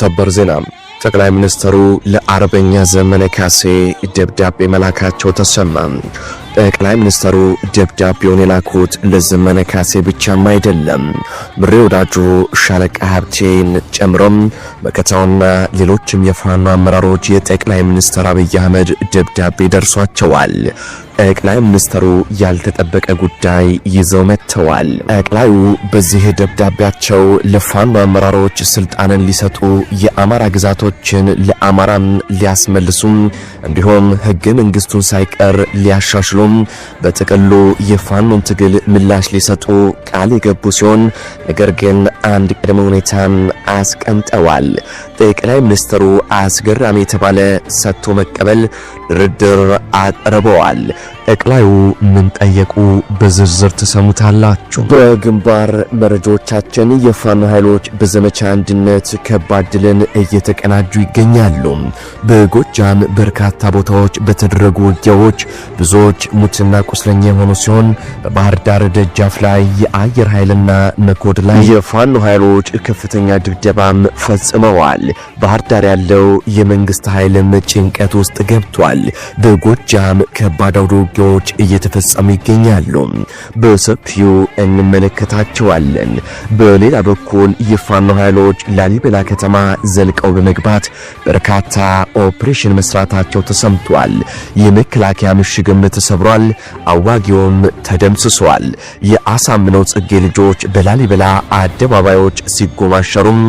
ሰበር ዜና ጠቅላይ ሚኒስትሩ ለአርበኛ ዘመነ ካሴ ደብዳቤ መላካቸው ተሰማ። ጠቅላይ ሚኒስትሩ ደብዳቤውን የላኩት ለዘመነ ካሴ ብቻም አይደለም። ምሬ ወዳጁ፣ ሻለቃ ሀብቴን ጨምሮም መከታውና ሌሎችም የፋኖ አመራሮች የጠቅላይ ሚኒስትር አብይ አህመድ ደብዳቤ ደርሷቸዋል። ጠቅላይ ሚኒስትሩ ያልተጠበቀ ጉዳይ ይዘው መጥተዋል። ጠቅላዩ በዚህ ደብዳቤያቸው ለፋኖ አመራሮች ስልጣንን ሊሰጡ የአማራ ግዛቶችን ለአማራም ሊያስመልሱም እንዲሁም ህገ መንግስቱን ሳይቀር ሊያሻሽሉም በጥቅሉ የፋኖን ትግል ምላሽ ሊሰጡ ቃል የገቡ ሲሆን ነገር ግን አንድ ቅድመ ሁኔታም አስቀምጠዋል። ጠቅላይ ሚኒስትሩ አስገራሚ የተባለ ሰጥቶ መቀበል ድርድር አቅርበዋል። ጠቅላዩ ምን ጠየቁ? በዝርዝር ትሰሙታላችሁ። በግንባር መረጃዎቻችን የፋኖ ኃይሎች በዘመቻ አንድነት ከባድ ድልን እየተቀናጁ ይገኛሉ። በጎጃም በርካታ ቦታዎች በተደረጉ ውጊያዎች ብዙዎች ሙትና ቁስለኛ የሆኑ ሲሆን በባህር ዳር ደጃፍ ላይ የአየር ኃይልና መኮድ ላይ የፋኖ ኃይሎች ከፍተኛ ድብደባም ፈጽመዋል። ባህር ዳር ያለው የመንግስት ኃይልም ጭንቀት ውስጥ ገብቷል። በጎጃም ከባድ አውዶ ውጊያዎች እየተፈጸሙ ይገኛሉ። በሰፊው እንመለከታቸዋለን። በሌላ በኩል የፋኖ ኃይሎች ላሊበላ ከተማ ዘልቀው በመግባት በርካታ ኦፕሬሽን መስራታቸው ተሰምቷል። የመከላከያ ምሽግም ተሰብሯል፣ አዋጊውም ተደምስሷል። የአሳምነው ጽጌ ልጆች በላሊበላ አደባባዮች ሲጎማሸሩም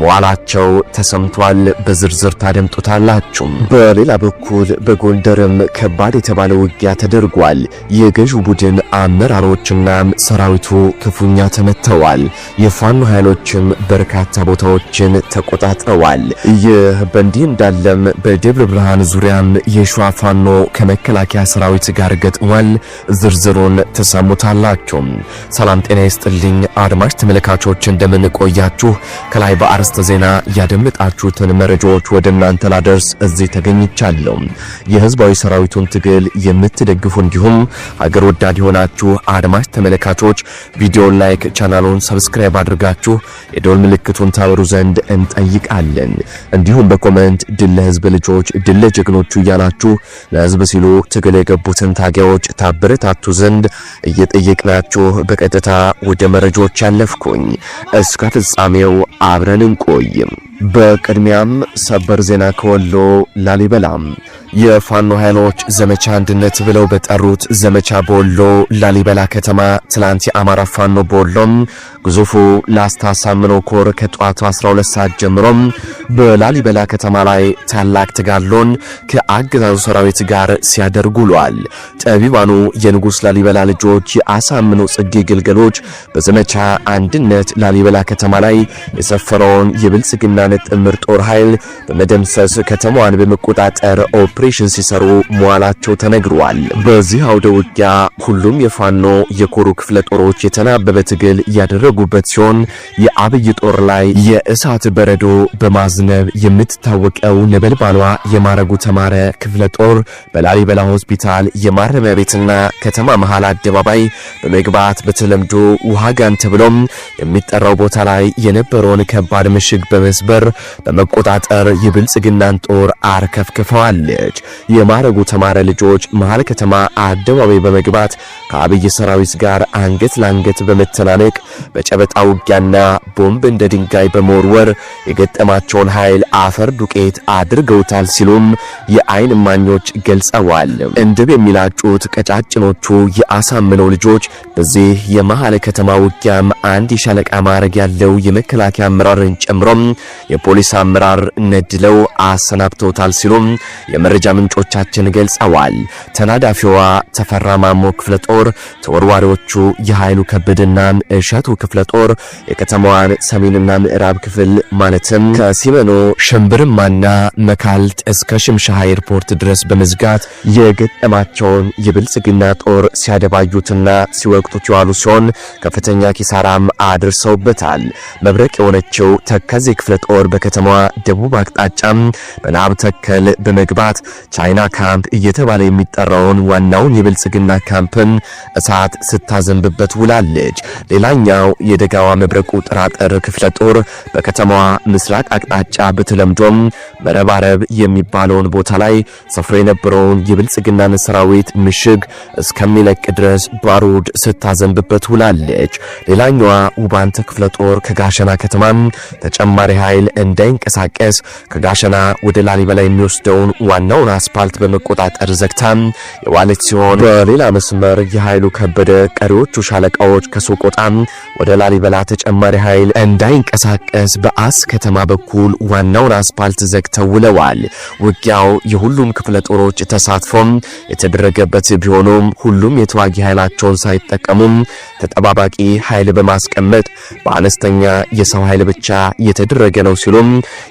መዋላቸው ተሰምቷል። በዝርዝር ታደምጡታላችሁ። በሌላ በኩል በጎንደርም ከባድ የተባለ ውጊያ ተደርጓል። የገዢው ቡድን አመራሮችና ሰራዊቱ ክፉኛ ተመተዋል። የፋኖ ኃይሎችም በርካታ ቦታዎችን ተቆጣጥረዋል። ይህ በእንዲህ እንዳለም በደብረ ብርሃን ዙሪያም የሸዋ ፋኖ ከመከላከያ ሰራዊት ጋር ገጥሟል። ዝርዝሩን ተሰሙታላችሁ። ሰላም ጤና ይስጥልኝ አድማጭ ተመልካቾች፣ እንደምንቆያችሁ ከላይ በአርስተ ዜና ያደምጣችሁትን መረጃዎች ወደ እናንተ ላደርስ እዚህ ተገኝቻለሁ። የህዝባዊ ሰራዊቱን ትግል የምት የምትደግፉ እንዲሁም ሀገር ወዳድ የሆናችሁ አድማጭ ተመልካቾች ቪዲዮን ላይክ፣ ቻናሉን ሰብስክራይብ አድርጋችሁ የደወል ምልክቱን ታበሩ ዘንድ እንጠይቃለን። እንዲሁም በኮመንት ድል ለህዝብ ልጆች፣ ድል ለጀግኖቹ እያላችሁ ለህዝብ ሲሉ ትግል የገቡትን ታጋዮች ታበረታቱ ዘንድ እየጠየቅናችሁ በቀጥታ ወደ መረጃዎች ያለፍኩኝ እስከ ፍጻሜው አብረን እንቆይም። በቅድሚያም ሰበር ዜና ከወሎ ላሊበላ የፋኖ ኃይሎች ዘመቻ አንድነት ብለው በጠሩት ዘመቻ በወሎ ላሊበላ ከተማ ትላንት የአማራ ፋኖ በወሎም ግዙፉ ላስታ ሳምኖ ኮር ከጠዋቱ 12 ሰዓት ጀምሮም በላሊበላ ከተማ ላይ ታላቅ ተጋድሎን ከአገዛዙ ሰራዊት ጋር ሲያደርጉ ውሏል። ጠቢባኑ የንጉሥ ላሊበላ ልጆች የአሳምኖ ጽጌ ግልገሎች በዘመቻ አንድነት ላሊበላ ከተማ ላይ የሰፈረውን የብልጽግና የኢራን ጥምር ጦር ኃይል በመደምሰስ ከተማዋን በመቆጣጠር ኦፕሬሽን ሲሰሩ መዋላቸው ተነግሯል። በዚህ አውደ ውጊያ ሁሉም የፋኖ የኮሩ ክፍለ ጦሮች የተናበበ ትግል ያደረጉበት ሲሆን የአብይ ጦር ላይ የእሳት በረዶ በማዝነብ የምትታወቀው ነበልባሏ የማረጉ ተማረ ክፍለ ጦር በላሊበላ ሆስፒታል የማረሚያ ቤትና ከተማ መሃል አደባባይ በመግባት በተለምዶ ውሃ ጋን ተብሎም የሚጠራው ቦታ ላይ የነበረውን ከባድ ምሽግ በመስበር ማህበር በመቆጣጠር የብልጽግናን ጦር አርከፍክፈዋለች። የማረጉ ተማረ ልጆች መሃል ከተማ አደባባይ በመግባት ከአብይ ሰራዊት ጋር አንገት ለአንገት በመተናነቅ በጨበጣ ውጊያና ቦምብ እንደ ድንጋይ በመወርወር የገጠማቸውን ኃይል አፈር ዱቄት አድርገውታል ሲሉም የአይን እማኞች ገልጸዋል። እንድብ የሚላጩት ቀጫጭኖቹ የአሳምነው ልጆች በዚህ የመሃል ከተማ ውጊያም አንድ የሻለቃ ማዕረግ ያለው የመከላከያ አመራርን ጨምሮም የፖሊስ አመራር ነድለው አሰናብተውታል ሲሉም የመረጃ ምንጮቻችን ገልጸዋል። ተናዳፊዋ ተፈራ ማሞ ክፍለ ጦር፣ ተወርዋሪዎቹ የኃይሉ ከበደና እሸቱ ክፍለ ጦር የከተማዋን ሰሜንና ምዕራብ ክፍል ማለትም ከሲመኖ ሽምብርማና መካልት እስከ ሽምሻ ኤርፖርት ድረስ በመዝጋት የገጠማቸውን የብልጽግና ጦር ሲያደባዩትና ሲወቅቱት የዋሉ ሲሆን ከፍተኛ ኪሳራም አድርሰውበታል። መብረቅ የሆነችው ተከዜ ክፍለ ጦር ጦር በከተማዋ ደቡብ አቅጣጫ በናብ ተከል በመግባት ቻይና ካምፕ እየተባለ የሚጠራውን ዋናውን የብልጽግና ካምፕን እሳት ስታዘንብበት ውላለች። ሌላኛው የደጋዋ መብረቁ ጥራጥር ክፍለ ጦር በከተማዋ ምስራቅ አቅጣጫ በተለምዶም መረባረብ የሚባለውን ቦታ ላይ ሰፍሮ የነበረውን የብልጽግናን ሰራዊት ምሽግ እስከሚለቅ ድረስ ባሩድ ስታዘንብበት ውላለች። ሌላኛዋ ውባንተ ክፍለ ጦር ከጋሸና ከተማም ተጨማሪ ኃይል በኃይል እንዳይንቀሳቀስ ከጋሸና ወደ ላሊበላ የሚወስደውን ዋናውን አስፓልት በመቆጣጠር ዘግታ የዋለች ሲሆን በሌላ መስመር የኃይሉ ከበደ ቀሪዎቹ ሻለቃዎች ከሶቆጣ ወደ ላሊበላ ተጨማሪ ኃይል እንዳይንቀሳቀስ በአስ ከተማ በኩል ዋናውን አስፓልት ዘግተው ውለዋል። ውጊያው የሁሉም ክፍለ ጦሮች ተሳትፎም የተደረገበት ቢሆኑም ሁሉም የተዋጊ ኃይላቸውን ሳይጠቀሙም ተጠባባቂ ኃይል በማስቀመጥ በአነስተኛ የሰው ኃይል ብቻ የተደረገ ነው ነው ሲሉም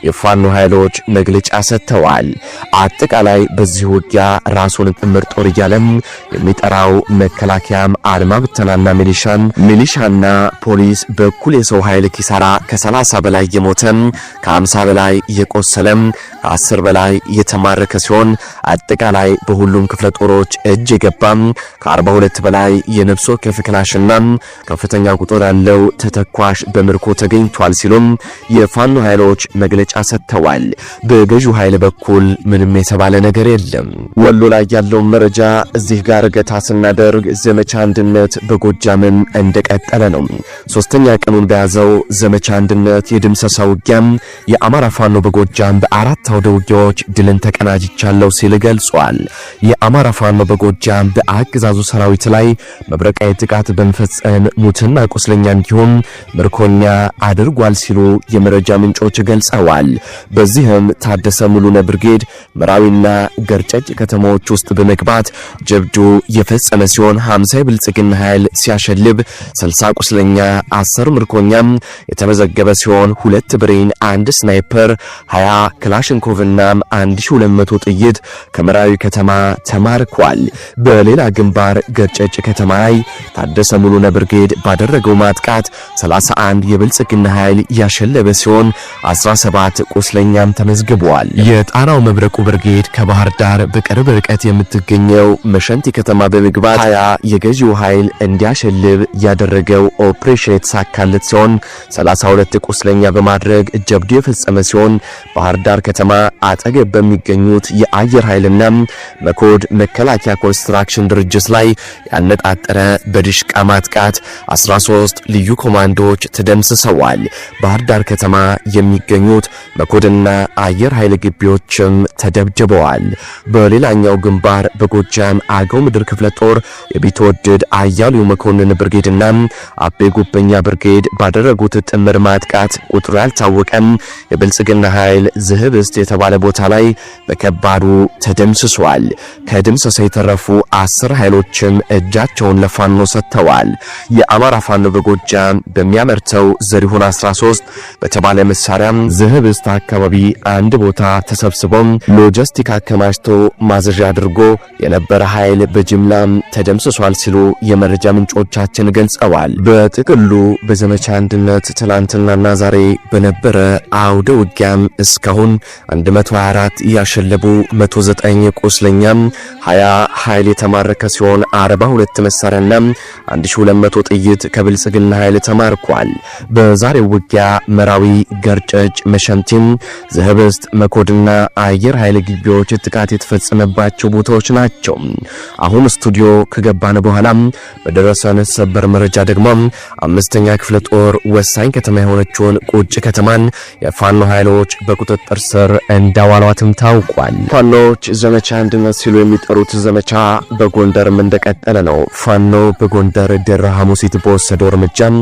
የፋኖ ኃይሎች መግለጫ ሰጥተዋል። አጠቃላይ በዚህ ውጊያ ራሱን ጥምር ጦር እያለም የሚጠራው መከላከያም አድማ ብተናና ሚሊሻን ሚሊሻና ፖሊስ በኩል የሰው ኃይል ኪሳራ ከ30 በላይ የሞተም ከ50 በላይ የቆሰለም ከአስር በላይ የተማረከ ሲሆን አጠቃላይ በሁሉም ክፍለ ጦሮች እጅ የገባም ከ42 በላይ የነፍስ ወከፍ ክላሽና ከፍተኛ ቁጥር ያለው ተተኳሽ በምርኮ ተገኝቷል ሲሉም የፋኖ ኃይሎች መግለጫ ሰጥተዋል። በገዢው ኃይል በኩል ምንም የተባለ ነገር የለም። ወሎ ላይ ያለውን መረጃ እዚህ ጋር ገታ ስናደርግ ዘመቻ አንድነት በጎጃምም እንደቀጠለ ነው። ሶስተኛ ቀኑን በያዘው ዘመቻ አንድነት የድምሰሳ ውጊያም የአማራ ፋኖ በጎጃም በአራት አውደ ውጊያዎች ድልን ተቀናጅቻለሁ ሲል ገልጿል። የአማራ ፋኖ በጎጃም በአገዛዙ ሰራዊት ላይ መብረቃዊ ጥቃት በመፈጸም ሙትና ቁስለኛ እንዲሁም ምርኮኛ አድርጓል ሲሉ የመረጃ ምንጮች ገልጸዋል። በዚህም ታደሰ ሙሉነ ብርጌድ መራዊና ገርጨጭ ከተሞች ውስጥ በመግባት ጀብዱ የፈጸመ ሲሆን 50 የብልጽግና ኃይል ሲያሸልብ 60 ቁስለኛ፣ 10 ምርኮኛም የተመዘገበ ሲሆን ሁለት ብሬን፣ አንድ ስናይፐር፣ 20 ክላሽን ካርኮቭናም 1200 ጥይት ከመራዊ ከተማ ተማርኳል። በሌላ ግንባር ገርጨጭ ከተማ ላይ ታደሰ ሙሉነ ብርጌድ ባደረገው ማጥቃት 31 የብልጽግና ኃይል ያሸለበ ሲሆን 17 ቁስለኛም ተመዝግበዋል። የጣናው መብረቁ ብርጌድ ከባህር ዳር በቅርብ ርቀት የምትገኘው መሸንቲ ከተማ በመግባት 20 የገዢው ኃይል እንዲያሸልብ ያደረገው ኦፕሬሽን የተሳካለት ሲሆን 32 ቁስለኛ በማድረግ ጀብዱ የፈጸመ ሲሆን ባህር ዳር ከተማ አጠገብ በሚገኙት የአየር ኃይልና መኮድ መከላከያ ኮንስትራክሽን ድርጅት ላይ ያነጣጠረ በድሽቃ ማጥቃት 13 ልዩ ኮማንዶዎች ተደምስሰዋል። ባህር ዳር ከተማ የሚገኙት መኮድና አየር ኃይል ግቢዎችም ተደብድበዋል። በሌላኛው ግንባር በጎጃም አገው ምድር ክፍለ ጦር የቢትወደድ አያሉ መኮንን ብርጌድና አቤ ጉበኛ ብርጌድ ባደረጉት ጥምር ማጥቃት ቁጥሩ ያልታወቀም የብልጽግና ኃይል ዝህብ እስቴ የተባለ ቦታ ላይ በከባዱ ተደምስሷል። ከድምሰሳ የተረፉ አስር ኃይሎችም እጃቸውን ለፋኖ ሰጥተዋል። የአማራ ፋኖ በጎጃም በሚያመርተው ዘሪሁን 13 በተባለ መሳሪያም ዝህብስት አካባቢ አንድ ቦታ ተሰብስቦም ሎጂስቲክ አከማችቶ ማዘዣ አድርጎ የነበረ ኃይል በጅምላም ተደምስሷል ሲሉ የመረጃ ምንጮቻችን ገልጸዋል። በጥቅሉ በዘመቻ አንድነት ትላንትናና ዛሬ በነበረ አውደ ውጊያም እስካሁን 124 ያሸለቡ 109 ቁስለኛም 20 ኃይል የተማረከ ሲሆን 42 መሳሪያና 1200 ጥይት ከብልጽግና ኃይል ተማርኳል። በዛሬው ውጊያ መራዊ፣ ገርጨጭ፣ መሸምቲም፣ ዘህብስት፣ መኮድና አየር ኃይል ግቢዎች ጥቃት የተፈጸመባቸው ቦታዎች ናቸው። አሁን ስቱዲዮ ከገባን በኋላ በደረሰን ሰበር መረጃ ደግሞ አምስተኛ ክፍለ ጦር ወሳኝ ከተማ የሆነችውን ቁጭ ከተማን የፋኖ ኃይሎች በቁጥጥር ስር እንዳዋሏትም ታውቋል። ፋኖዎች ዘመቻ አንድነት ሲሉ የሚጠሩት ዘመቻ በጎንደርም እንደቀጠለ ነው። ፋኖ በጎንደር ደራ ሐሙሲት በወሰደው እርምጃም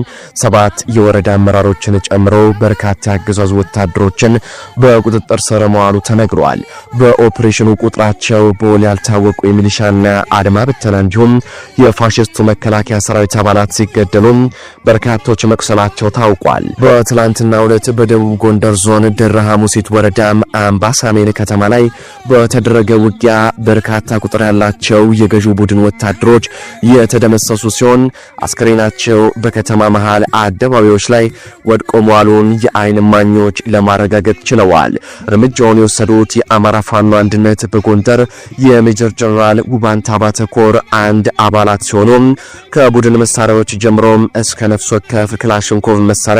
ሰባት የወረዳ አመራሮችን ጨምሮ በርካታ አገዛዙ ወታደሮችን በቁጥጥር ስር መዋሉ ተነግሯል። በኦፕሬሽኑ ቁጥራቸው በውል ያልታወቁ የሚሊሻና አድማ ብተና እንዲሁም የፋሽስቱ መከላከያ ሰራዊት አባላት ሲገደሉ በርካቶች መቁሰላቸው ታውቋል። በትላንትናው ዕለት በደቡብ ጎንደር ዞን ደራ ሐሙሲት ወረዳ ። አምባሳሜን ከተማ ላይ በተደረገ ውጊያ በርካታ ቁጥር ያላቸው የገዢው ቡድን ወታደሮች የተደመሰሱ ሲሆን አስከሬናቸው በከተማ መሃል አደባባዮች ላይ ወድቆ መዋሉን የአይን ማኞች ለማረጋገጥ ችለዋል። እርምጃውን የወሰዱት የአማራ ፋኖ አንድነት በጎንደር የሜጀር ጀነራል ውባንታ ባተኮር አንድ አባላት ሲሆኑ ከቡድን መሳሪያዎች ጀምሮም እስከ ነፍስ ወከፍ ክላሽንኮቭ መሳሪያ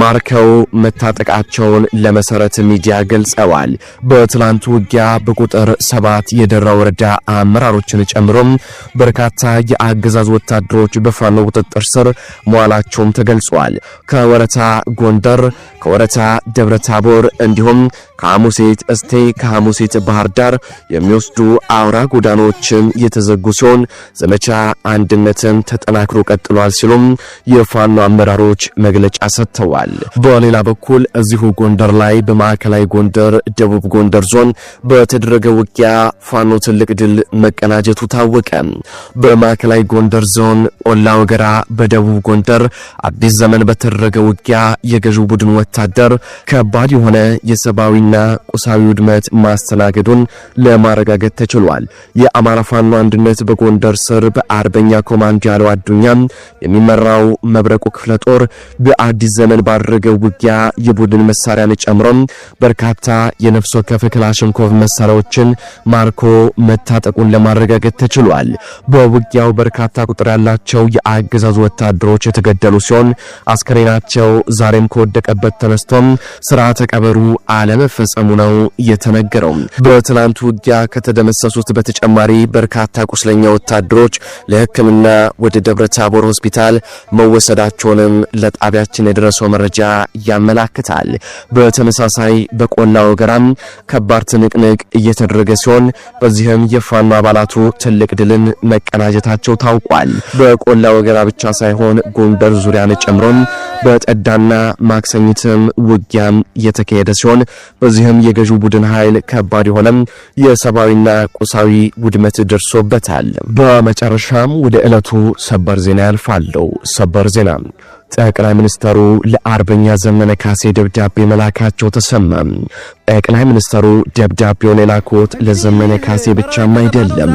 ማርከው መታጠቃቸውን ለመሰረት ሚዲያ ገል ገልጸዋል። በትላንቱ ውጊያ በቁጥር ሰባት የደራ ወረዳ አመራሮችን ጨምሮ በርካታ የአገዛዝ ወታደሮች በፋኖ ቁጥጥር ስር መዋላቸውም ተገልጿል። ከወረታ ጎንደር፣ ከወረታ ደብረ ታቦር እንዲሁም ከሐሙሴት እስቴ፣ ከሐሙሴት ባህር ዳር የሚወስዱ አውራ ጎዳናዎችም የተዘጉ ሲሆን ዘመቻ አንድነትም ተጠናክሮ ቀጥሏል ሲሉም የፋኖ አመራሮች መግለጫ ሰጥተዋል። በሌላ በኩል እዚሁ ጎንደር ላይ በማዕከላዊ ጎንደር፣ ደቡብ ጎንደር ዞን በተደረገ ውጊያ ፋኖ ትልቅ ድል መቀናጀቱ ታወቀ። በማዕከላዊ ጎንደር ዞን ቆላ ወገራ፣ በደቡብ ጎንደር አዲስ ዘመን በተደረገ ውጊያ የገዢው ቡድን ወታደር ከባድ የሆነ የሰብአዊ ሰብአዊና ቁሳዊ ውድመት ማስተናገዱን ለማረጋገጥ ተችሏል። የአማራ ፋኖ አንድነት በጎንደር ስር በአርበኛ ኮማንድ ያለው አዱኛ የሚመራው መብረቁ ክፍለ ጦር በአዲስ ዘመን ባደረገው ውጊያ የቡድን መሳሪያን ጨምሮ በርካታ የነፍስ ወከፍ ክላሽንኮቭ መሳሪያዎችን ማርኮ መታጠቁን ለማረጋገጥ ተችሏል። በውጊያው በርካታ ቁጥር ያላቸው የአገዛዙ ወታደሮች የተገደሉ ሲሆን አስከሬናቸው ዛሬም ከወደቀበት ተነስቶም ስርዓተ ቀበሩ አለመ። መፈጸሙ ነው የተነገረው። በትናንቱ ውጊያ ከተደመሰሱት በተጨማሪ በርካታ ቁስለኛ ወታደሮች ለሕክምና ወደ ደብረ ታቦር ሆስፒታል መወሰዳቸውንም ለጣቢያችን የደረሰው መረጃ ያመላክታል። በተመሳሳይ በቆላ ወገራም ከባድ ትንቅንቅ እየተደረገ ሲሆን በዚህም የፋኖ አባላቱ ትልቅ ድልን መቀናጀታቸው ታውቋል። በቆላ ወገራ ብቻ ሳይሆን ጎንደር ዙሪያን ጨምሮም በጠዳና ማክሰኝትም ውጊያም የተካሄደ ሲሆን በዚህም የገዢው ቡድን ኃይል ከባድ የሆነ የሰብአዊና ቁሳዊ ውድመት ደርሶበታል። በመጨረሻም ወደ ዕለቱ ሰበር ዜና ያልፋለው። ሰበር ዜና ጠቅላይ ሚኒስተሩ ለአርበኛ ዘመነ ካሴ ደብዳቤ መላካቸው ተሰማ። ጠቅላይ ሚኒስተሩ ደብዳቤውን የላኩት ለዘመነ ካሴ ብቻም አይደለም።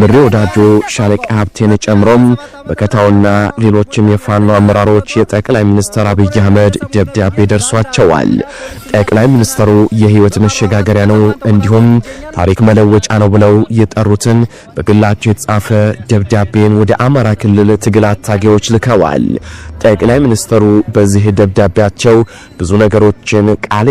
ምሬ ወዳጆ ሻለቃ ሀብቴን ጨምሮም በከታውና ሌሎችም የፋኖ አመራሮች የጠቅላይ ሚኒስተር አብይ አህመድ ደብዳቤ ደርሷቸዋል። ጠቅላይ ሚኒስተሩ የህይወት መሸጋገሪያ ነው እንዲሁም ታሪክ መለወጫ ነው ብለው የጠሩትን በግላቸው የተጻፈ ደብዳቤን ወደ አማራ ክልል ትግል አታጋዮች ልከዋል። ጠቅላይ ሚኒስትሩ በዚህ ደብዳቤያቸው ብዙ ነገሮችን ቃል